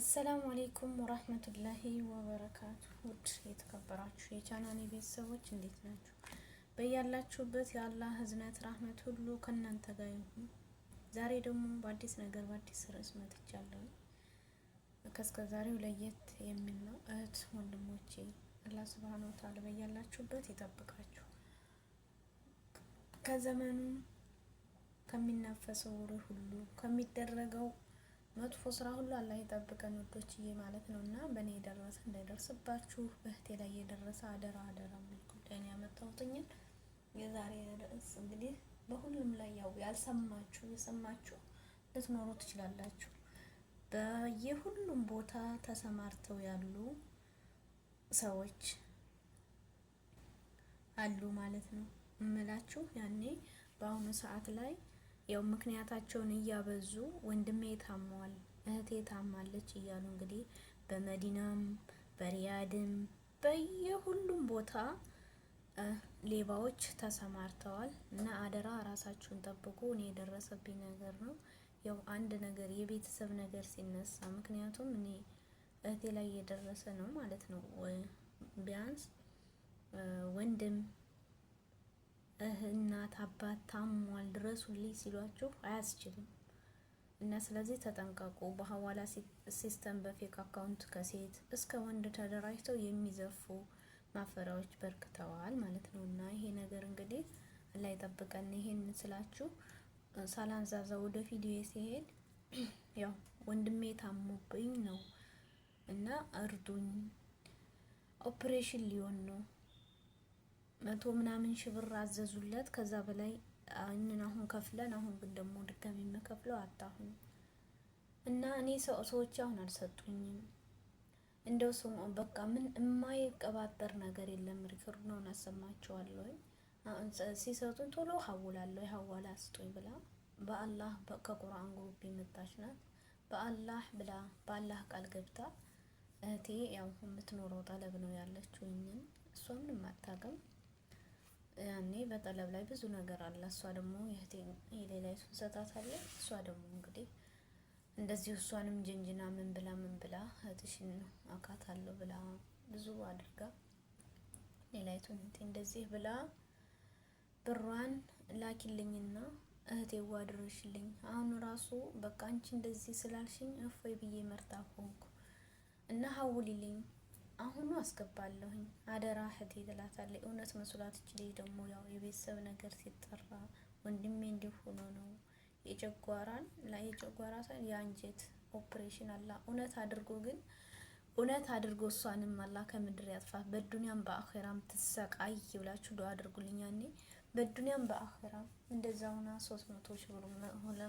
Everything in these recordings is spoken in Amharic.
አሰላሙ አሌይኩም ወራህመቱላሂ ወበረካቱ። ውድ የተከበራችሁ የቻናኔ ቤተሰቦች እንዴት ናችሁ? በያላችሁበት የአላህ ህዝነት ራህመት ሁሉ ከእናንተ ጋር ይሁን። ዛሬ ደግሞ በአዲስ ነገር በአዲስ ርዕስ መጥቻለሁ። ከእስከ ዛሬው ለየት የሚል ነው። እህት ወንድሞቼ አላህ ስብሃነ ወተዓላ በያላችሁበት ይጠብቃችሁ ከዘመኑ ከሚናፈሰው ወሬ ሁሉ ከሚደረገው መጥፎ ስራ ሁሉ አላህ ይጠብቀን ውዶችዬ ማለት ነው። እና በእኔ የደረሰ እንዳይደርስባችሁ በህቴ ላይ የደረሰ አደራ አደራ የሚል ጉዳይ ነው ያመጣሁትኝን የዛሬ ርዕስ እንግዲህ በሁሉም ላይ ያው ያልሰማችሁ የሰማችሁ ልትኖሩ ትችላላችሁ። በየሁሉም ቦታ ተሰማርተው ያሉ ሰዎች አሉ ማለት ነው እምላችሁ ያኔ በአሁኑ ሰዓት ላይ ያው ምክንያታቸውን እያበዙ ወንድሜ ታሟል፣ እህቴ ታማለች እያሉ እንግዲህ በመዲናም በሪያድም በየሁሉም ቦታ ሌባዎች ተሰማርተዋል እና አደራ ራሳችሁን ጠብቁ። እኔ የደረሰብኝ ነገር ነው። ያው አንድ ነገር የቤተሰብ ነገር ሲነሳ ምክንያቱም እኔ እህቴ ላይ የደረሰ ነው ማለት ነው ቢያንስ ወንድም እናት አባት ታሟል ድረሱልኝ ሲሏችሁ አያስችልም እና ስለዚህ ተጠንቀቁ። በሀዋላ ሲስተም በፌክ አካውንት ከሴት እስከ ወንድ ተደራጅተው የሚዘርፉ ማፈሪያዎች በርክተዋል ማለት ነው እና ይሄ ነገር እንግዲህ ላይ ጠብቀን ይሄን ስላችሁ ሳላንዛዛ ወደ ቪዲዮ ሲሄድ ያው ወንድሜ ታሞብኝ ነው እና እርዱኝ ኦፕሬሽን ሊሆን ነው መቶ ምናምን ሺህ ብር አዘዙለት። ከዛ በላይ ይህንን አሁን ከፍለን አሁን ግን ደግሞ ድጋሚ የምከፍለው አጣሁኝ እና እኔ ሰዎች አሁን አልሰጡኝም። እንደው ሰው በቃ ምን የማይቀባጠር ነገር የለም። ሪከርድ ነው እናሰማቸዋለሁ። ሲሰጡኝ ቶሎ ሀውላለሁ ሀዋላ አስጡኝ ብላ በአላህ ከቁርአን ግሩፕ የመጣች ናት። በአላህ ብላ በአላህ ቃል ገብታ እህቴ ያው የምትኖረው ጠለብ ነው ያለችው። እሷ ምንም አታውቅም። ያኔ በጠለብ ላይ ብዙ ነገር አለ። እሷ ደግሞ የሌላ የሱን ሰታት አለ። እሷ ደግሞ እንግዲህ እንደዚህ እሷንም ጀንጅና ምን ብላ ምን ብላ እህትሽን አካት አለው ብላ ብዙ አድርጋ ሌላይቱን እህቴ እንደዚህ ብላ ብሯን ላኪልኝና እህቴ ዋድርሽልኝ። አሁን ራሱ በቃ አንቺ እንደዚህ ስላልሽኝ እፎይ ብዬ መርታ ሆንኩ እና ሀውልልኝ አሁኑ አስገባለሁኝ አደራ እህቴ ትላታለች። እውነት መስሏት እችል ደግሞ ያው የቤተሰብ ነገር ሲጠራ ወንድሜ እንዲሁ ሆኖ ነው የጨጓራን ላይ የጨጓራ የአንጀት ኦፕሬሽን አላ እውነት አድርጎ ግን እውነት አድርጎ እሷንም አላ ከምድር ያጥፋት በዱንያም በአኼራም ትሰቃይ ብላችሁ ዱ አድርጉልኝ። ያኔ በዱንያም በአኼራም እንደዛ ሁና ሶስት መቶ ሺ ብር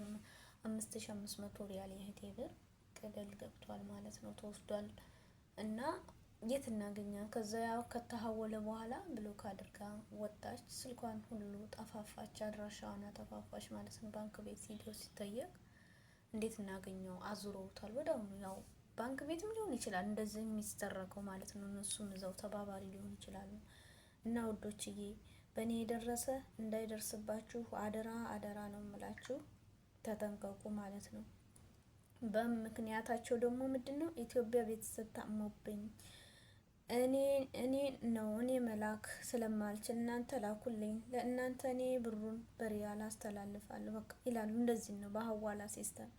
አምስት ሺ አምስት መቶ ሪያል የህቴ ብር ቅደል ገብቷል ማለት ነው ተወስዷል እና የት እናገኛ ከዛ ያው ከተሀወለ በኋላ ብሎክ አድርጋ ወጣች። ስልኳን ሁሉ ጠፋፋች፣ አድራሻዋን ጠፋፋች ማለት ነው። ባንክ ቤት ሂዶ ሲጠየቅ እንዴት እናገኘው? አዙረውታል ወደ ያው ባንክ ቤትም ሊሆን ይችላል እንደዚህ የሚስጠረገው ማለት ነው። እነሱም እዛው ተባባሪ ሊሆን ይችላሉ። እና ውዶችዬ በእኔ የደረሰ እንዳይደርስባችሁ አደራ አደራ ነው የምላችሁ፣ ተጠንቀቁ ማለት ነው። በምክንያታቸው ደግሞ ምንድን ነው ኢትዮጵያ ቤት ታሞብኝ እኔ ነው እኔ መላክ ስለማልችል እናንተ ላኩልኝ፣ ለእናንተ እኔ ብሩን በሪያል አስተላልፋለሁ በቃ ይላሉ። እንደዚህ ነው በሀዋላ ሲስተም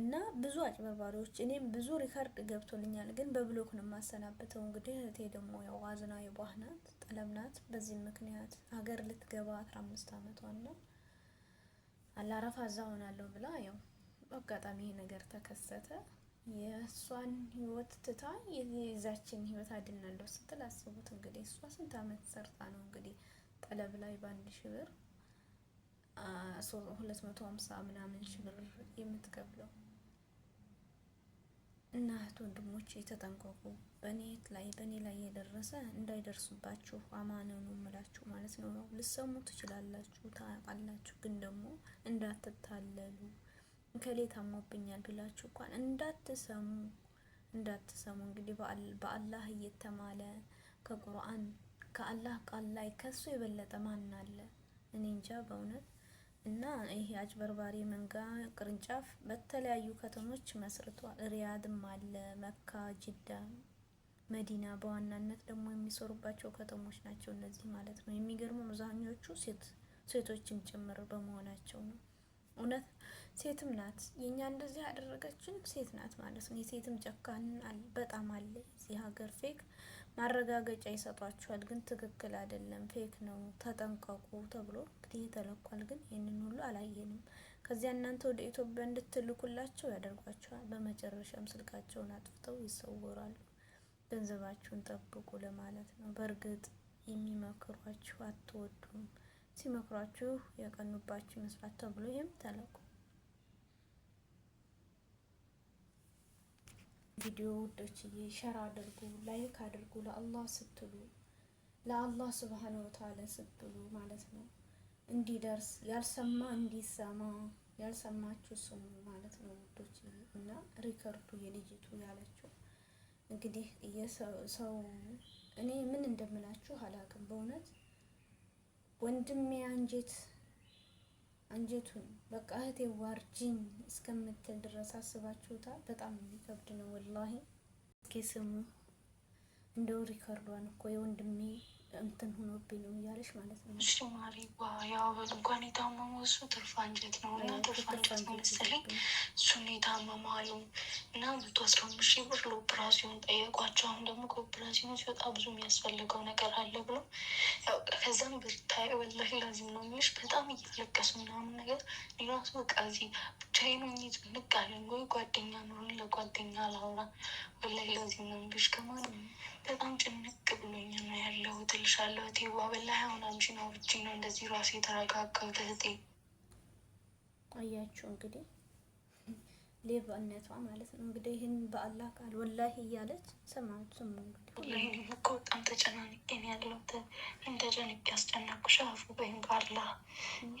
እና ብዙ አጭበርባሪዎች። እኔም ብዙ ሪከርድ ገብቶልኛል፣ ግን በብሎክ ነው የማሰናብተው። እንግዲህ እህቴ ደግሞ ያው ዋዝና የቧህ ናት፣ ጠለም ናት። በዚህ ምክንያት ሀገር ልትገባ አስራ አምስት አመቷ ነው አላረፋ እዛ ሆናለሁ ብላ ያው አጋጣሚ ይሄ ነገር ተከሰተ። የእሷን ህይወት ትታ የዛችን ህይወት አድናለሁ ስትል አስቡት እንግዲህ እሷ ስንት አመት ሰርታ ነው እንግዲህ ጠለብ ላይ በአንድ ሽብር ብር ሁለት መቶ ሀምሳ ምናምን ሺህ ብር የምትከፍለው እና ወንድሞች የተጠንቀቁ በኔት ላይ በእኔ ላይ የደረሰ እንዳይደርስባችሁ አማኑ ነው የምላችሁ ማለት ነው። ልሰሙ ትችላላችሁ ታውቃላችሁ፣ ግን ደግሞ እንዳትታለሉ ከሌ ታሞብኛል ብላችሁ እንኳን እንዳትሰሙ እንዳትሰሙ። እንግዲህ በአላህ እየተማለ ከቁርአን ከአላህ ቃል ላይ ከሱ የበለጠ ማን አለ? እኔ እንጃ በእውነት እና ይሄ አጭበርባሪ መንጋ ቅርንጫፍ በተለያዩ ከተሞች መስርቷል። ሪያድም አለ፣ መካ፣ ጅዳ፣ መዲና በዋናነት ደግሞ የሚሰሩባቸው ከተሞች ናቸው እነዚህ ማለት ነው። የሚገርሙ አብዛኞቹ ሴቶችም ጭምር በመሆናቸው ነው። እውነት ሴትም ናት። የእኛ እንደዚህ ያደረገችን ሴት ናት ማለት ነው። የሴትም ጨካን በጣም አለ እዚህ ሀገር። ፌክ ማረጋገጫ ይሰጧችኋል፣ ግን ትክክል አይደለም፣ ፌክ ነው፣ ተጠንቀቁ ተብሎ እንግዲህ ተለኳል። ግን ይህንን ሁሉ አላየንም። ከዚያ እናንተ ወደ ኢትዮጵያ እንድትልኩላቸው ያደርጓቸዋል። በመጨረሻም ስልካቸውን አጥፍተው ይሰወራሉ። ገንዘባችሁን ጠብቁ ለማለት ነው። በእርግጥ የሚመክሯችሁ አትወዱም። ሲመክሯችሁ የቀኑባችሁ ይመስላል ተብሎ ይህም ተለቁ። ቪዲዮ ውዶችዬ ሸር አድርጉ፣ ላይክ አድርጉ። ለአላህ ስትሉ ለአላህ ስብሓን ወተዓላ ስትሉ ማለት ነው እንዲደርስ ያልሰማ እንዲሰማ ያልሰማችሁ ስሙ ማለት ነው ውዶች። እና ሪከርዱ የልጅቱ ያለችው እንግዲህ የሰው እኔ ምን እንደምላችሁ አላውቅም በእውነት ወንድሜ አንጀት አንጀቱን በቃ እህቴ ዋርጂኝ እስከምትል ድረስ አስባችሁታል። በጣም የሚከብድ ነው ወላሂ። እስኪ ስሙ እንደው ሪከርዷን እኮ የወንድሜ እንትን ሆኖብኝ ነው እያለሽ ማለት ነው። እሺ ማሪ ያው እንኳን የታመመው እሱ ትርፍ አንጀት ነው እና ትርፍ አንጀት ነው መሰለኝ እሱን የታመመ አሉ እና መቶ አስራ አምስት ሺህ ብር ለኦፕራሲዮን ጠየቋቸው። አሁን ደግሞ ከኦፕራሲዮን ሲወጣ ብዙ የሚያስፈልገው ነገር አለ ብሎ ያው ከዛም ብርታይ ወላሂ ላዚም ነው የሚልሽ በጣም እያለቀሱ ምናምን ነገር ራሱ በቃ እዚህ ብቻዬን ሆኜ ጭንቅ አለኝ ወይ ጓደኛ ኖሮኝ ለጓደኛ ላውራ ወላሂ ላዚም ነው የሚልሽ ከማንም በጣም ጭንቅ ብሎኝ ነው ያለሁት እልሻለሁ። እቴ ዋበላ ሆን ነው ብቺ ነው እንደዚህ ራሴ የተረጋጋው እህቴ። ቆያችሁ እንግዲህ ሌባነቷ ማለት ነው እንግዲህ ይህን በአላህ ቃል ወላሂ እያለች ስማት ስሙ። እንግዲህ እኮ በጣም ተጨናንቄ ነው ያለሁት። እኔ ተጨንቄ ያስጨነኩሽ አፉ በይም በአላህ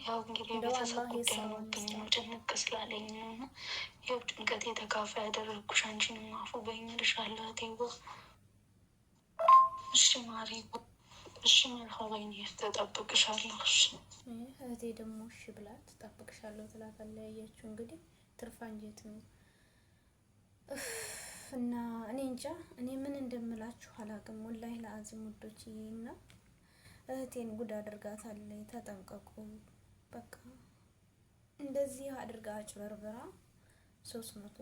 ያው እንግዲህ ቤተሰብ ጉዳይ ሆኖብኝ ነው ጭንቅ ስላለኝ ነው እና ያው ጭንቀት የተካፋ ያደረግኩሽ አንቺንም አፉ በይኝ እልሻለሁ እቴ እሺ ማሪ እሺ መልካባኝ ተጠብቅሻለሁ። እህቴ ደግሞ እሺ ብላ ትጠብቅሻለሁ ትላት። አለያያችሁ እንግዲህ ትርፋ እንጀት ነው እና እኔ እንጃ እኔ ምን እንደምላችሁ አላውቅም። ወላሂ ለአዝም ውዶች እና እህቴን ጉድ አድርጋታለች። ተጠንቀቁ በቃ እንደዚህ አድርጋ አጭበርብራ ሶስት መቶ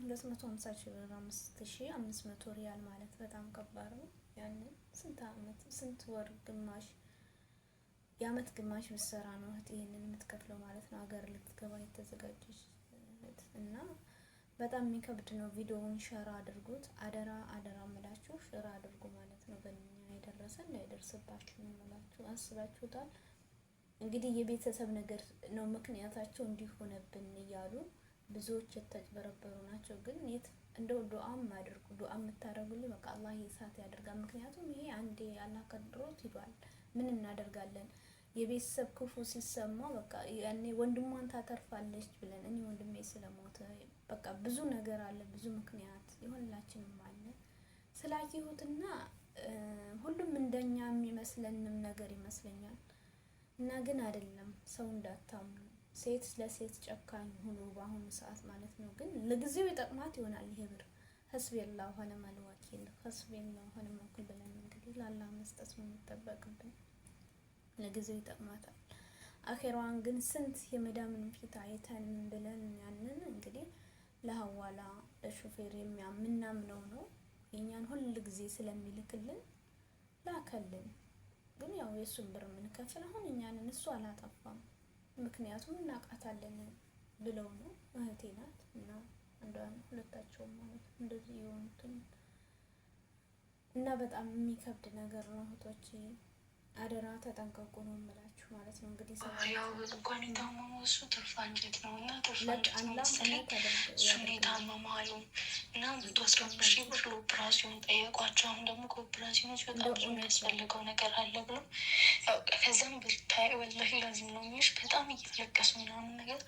ሁለት መቶ ሀምሳ ሺህ ብር አምስት ሺህ አምስት መቶ ሪያል ማለት በጣም ከባድ ነው። ያንን ስንት አመት ስንት ወር ግማሽ የአመት ግማሽ ብትሰራ ነው እህት ይህንን የምትከፍለው ማለት ነው። ሀገር ልትገባ የተዘጋጀች እና በጣም የሚከብድ ነው። ቪዲዮውን ሸራ አድርጉት አደራ አደራ ምላችሁ ሸራ አድርጉ ማለት ነው። በእኛ የደረሰ እንዳይደርስባችሁ ምላችሁ አስባችሁታል። እንግዲህ የቤተሰብ ነገር ነው ምክንያታቸው እንዲሆነብን እያሉ ብዙዎች የተጭበረበሩ ናቸው። ግን የት እንደው ዱዓም አድርጉ። ዱዓም የምታደርጉልኝ በቃ አላህ እሳት ያደርጋል። ምክንያቱም ይሄ አንዴ አላህ ቀድሮት ይሏል። ምን እናደርጋለን? የቤተሰብ ክፉ ሲሰማው በቃ ያኔ ወንድሟን ታተርፋለች ብለን እኔ ወንድሜ ስለሞተ በቃ ብዙ ነገር አለ፣ ብዙ ምክንያት የሁላችንም አለ ስላየሁትና ሁሉም እንደኛ የሚመስለንም ነገር ይመስለኛል እና ግን አይደለም ሰው እንዳታምኑ ሴት ለሴት ጨካኝ ሆኖ በአሁኑ ሰዓት ማለት ነው። ግን ለጊዜው ይጠቅማት ይሆናል ይሄ ብር ህስብ የላ ሆነ ማለዋኪል ህስብ የላ ሆነ ማኩል ብለን እንግዲህ ላላ መስጠት ነው የሚጠበቅብን። ለጊዜው ይጠቅማታል። አኼራዋን ግን ስንት የመዳምን ፊት አይተን ብለን ያንን እንግዲህ ለሀዋላ ለሾፌር የምናምነው ነው የእኛን ሁል ጊዜ ስለሚልክልን ላከልን። ግን ያው የእሱን ብር የምንከፍል አሁን እኛንን እሱ አላጠፋም። ምክንያቱም እናውቃታለን ብለው ነው። እህቴ ናት እና አንዷን ሁለታቸውም ማለት እንደዚህ የሆኑትን እና በጣም የሚከብድ ነገር ነው። እህቶች አደራ ተጠንቀቁ ነው የምላችሁ ማለት ነው። እንግዲህ ሰው ያው እንኳን የታመመው እሱ ትርፍ አንጀት ነው እና ትርፍ አንጀት ነው መሰለኝ እሱን የታመመው እና መቶ አስራ አምስት ሺህ ብር ለኦፕራሲዮን ጠየቋቸው። አሁን ደግሞ ከኦፕራሲዮን ሲወጣ ብዙ የሚያስፈልገው ነገር አለ ብሎ ከዛም ብታይ ወላሂ ላዚም ነው የሚሽ በጣም እየተለቀሱ ምናምን ነገር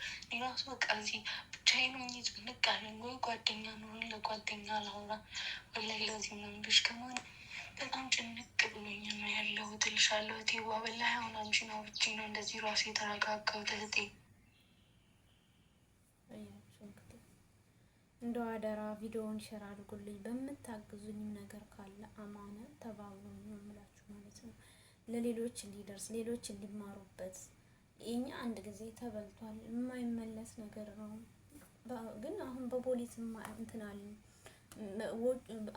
ራሱ በቃ እዚህ ብቻዬን ሆኜ ጭንቅ አለኝ። ወይ ጓደኛ ነው ለጓደኛ ላውራ ወላሂ ላዚም ነው የሚሽ ከማን በጣም ጭንቅ ብሎኝ ነው ያለሁት እልሻለሁ። ቴዋ በላይ አሁን አንቺን አውርቼ ነው እንደዚህ ራሴ የተረጋጋሁት እህቴ እንደ አደራ ቪዲዮውን ሼር አድርጉልኝ። በምታግዙኝም ነገር ካለ አማነ ተባብሩኝ ነው የምላችሁ ማለት ነው። ለሌሎች እንዲደርስ ሌሎች እንዲማሩበት። የኛ አንድ ጊዜ ተበልቷል፣ የማይመለስ ነገር ነው። ግን አሁን በፖሊስ እንትናል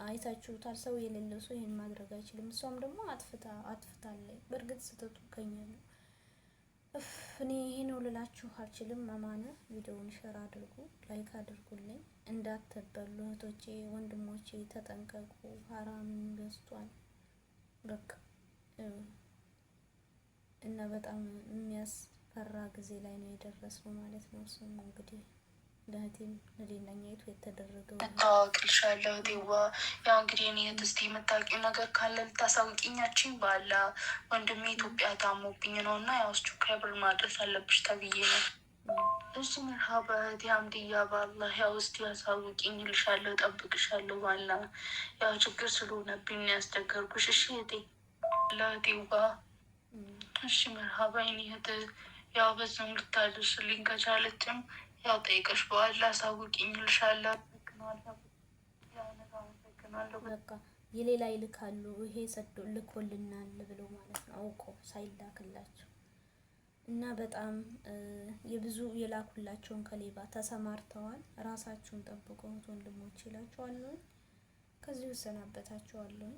አይታችሁታል። ሰው የሌለው ሰው ይህን ማድረግ አይችልም። እሷም ደግሞ አጥፍታ አጥፍታለች። በእርግጥ ስህተቱ ከኛ ነው። እኔ ይሄ ነው ልላችሁ አልችልም። አማነ ቪዲዮውን ሸር አድርጉ፣ ላይክ አድርጉልኝ። እንዳትበሉ እህቶቼ ወንድሞቼ፣ ተጠንቀቁ። ሀራም ገዝቷል በቃ እና በጣም የሚያስፈራ ጊዜ ላይ ነው የደረሰው ማለት ነው። እሱም እንግዲህ ለእህቴም ለሌላኛይቱ የተደረገው ታዋቂልሻለሁ። ህቴዋ ያው እንግዲህ እኔ ትስቲ እስቲ የምታውቂው ነገር ካለ ልታሳውቂኛችኝ ባላ ወንድሜ ኢትዮጵያ ታሞብኝ ነው እና ያው እሱ ብር ማድረስ አለብሽ ተብዬ ነው። እሱ መርሃባ እህቴ አምድያ ባላ ያው እስቲ ያሳውቂኝ ልሻለሁ፣ ጠብቅሻለሁ። ባላ ያው ችግር ስለሆነብኝ ያስቸገርኩሽ። እሺ እህቴ ለህቴዋ እሺ መርሃባ ይህን እህት ያው በዛም ልታደርስልኝ ከቻለችም ያው ጠይቀሽ በኋላ አሳውቂኝ እልሻለሁ። በቃ የሌላ ይልካሉ ይሄ ሰዶ ልኮልናል ብሎ ማለት ነው አውቆ ሳይላክላቸው እና በጣም የብዙ የላኩላቸውን ከሌባ ተሰማርተዋል። ራሳችሁን ጠብቁ ወንድሞች ይላችኋለሁ። ከዚህ እሰናበታችኋለሁ።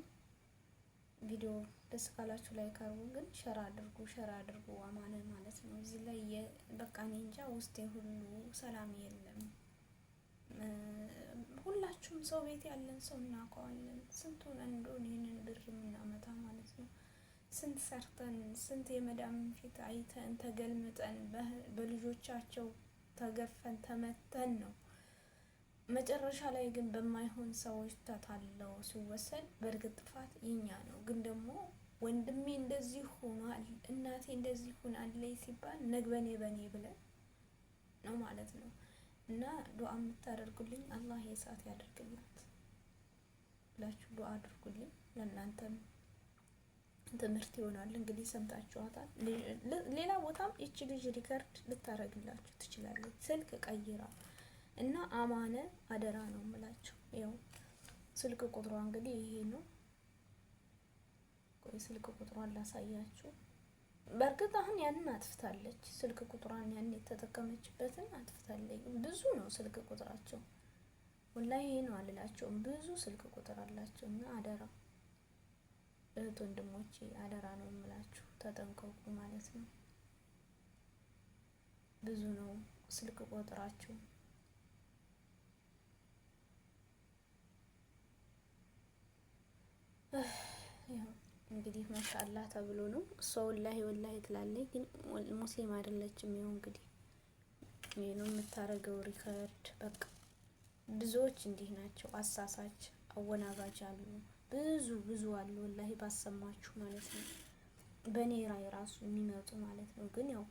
ቪዲዮ ደስ ካላችሁ ላይ አድርጉ፣ ግን ሸራ አድርጉ ሸራ አድርጉ አማነ ማለት ነው እዚህ ላይ የ በቃ እኔ እንጃ ውስጤ ሁሉ ሰላም የለም። ሁላችሁም ሰው ቤት ያለን ሰው እናውቀዋለን። ስንቱን እንደሆነ ይህንን ብር የምናመጣ ማለት ነው ስንት ሰርተን ስንት የመዳምን ፊት አይተን ተገልምጠን በልጆቻቸው ተገፈን ተመተን ነው። መጨረሻ ላይ ግን በማይሆን ሰዎች ተታለው ሲወሰድ በእርግጥ ጥፋት የኛ ነው ግን ደግሞ ወንድሜ እንደዚህ ሆኗል፣ እናቴ እንደዚህ ሆናለች ሲባል ነግበኔ በኔ ብለን ነው ማለት ነው። እና ዱዓ የምታደርጉልኝ አላህ የሰዓት ያደርግላት ብላችሁ ዱዓ አድርጉልኝ። ለእናንተም ትምህርት ይሆናል። እንግዲህ ሰምታችኋታል። ሌላ ቦታም ይቺ ልጅ ሪከርድ ልታደርግላችሁ ትችላለች። ስልክ ቀይራ እና አማነ አደራ ነው የምላችሁ። ያው ስልክ ቁጥሯ እንግዲህ ይሄ ነው። ስልክ ቁጥሯን ላሳያችሁ። በእርግጥ አሁን ያንን አጥፍታለች። ስልክ ቁጥሯን ያን የተጠቀመችበትን አጥፍታለች። ብዙ ነው ስልክ ቁጥራቸው። ወላሂ ይሄ ነው አልላቸውም። ብዙ ስልክ ቁጥር አላቸው እና አደራ እህት ወንድሞቼ አደራ ነው የምላችሁ፣ ተጠንቀቁ ማለት ነው። ብዙ ነው ስልክ ቁጥራቸው። እንግዲህ ማሻአላ ተብሎ ነው። እሷ ወላሂ ወላሂ ትላለች፣ ግን ሙስሊም አይደለችም። ይኸው እንግዲህ ነው የምታደርገው ሪከርድ። በቃ ብዙዎች እንዲህ ናቸው፣ አሳሳች አወናባጅ አሉ። ብዙ ብዙ አሉ ወላሂ ባሰማችሁ ማለት ነው። በእኔ ራይ ራሱ የሚመጡ ማለት ነው። ግን ያው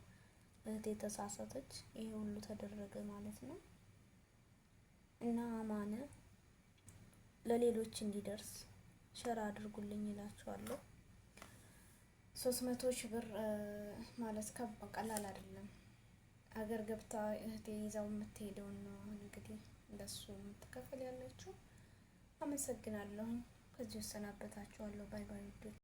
እህቴ የተሳሳተች ይሄ ሁሉ ተደረገ ማለት ነው። እና ማነ ለሌሎች እንዲደርስ ሸራ አድርጉልኝ ይላችኋለሁ። ሶስት መቶ ሺህ ብር ማለት ቀላል አይደለም። አገር ገብታ እህቴ ይዛው የምትሄደውን ነው አሁን እንግዲህ እንደሱ የምትከፈል ያለችው። አመሰግናለሁ። ከዚህ ወሰናበታችኋለሁ። ባይ ባይ።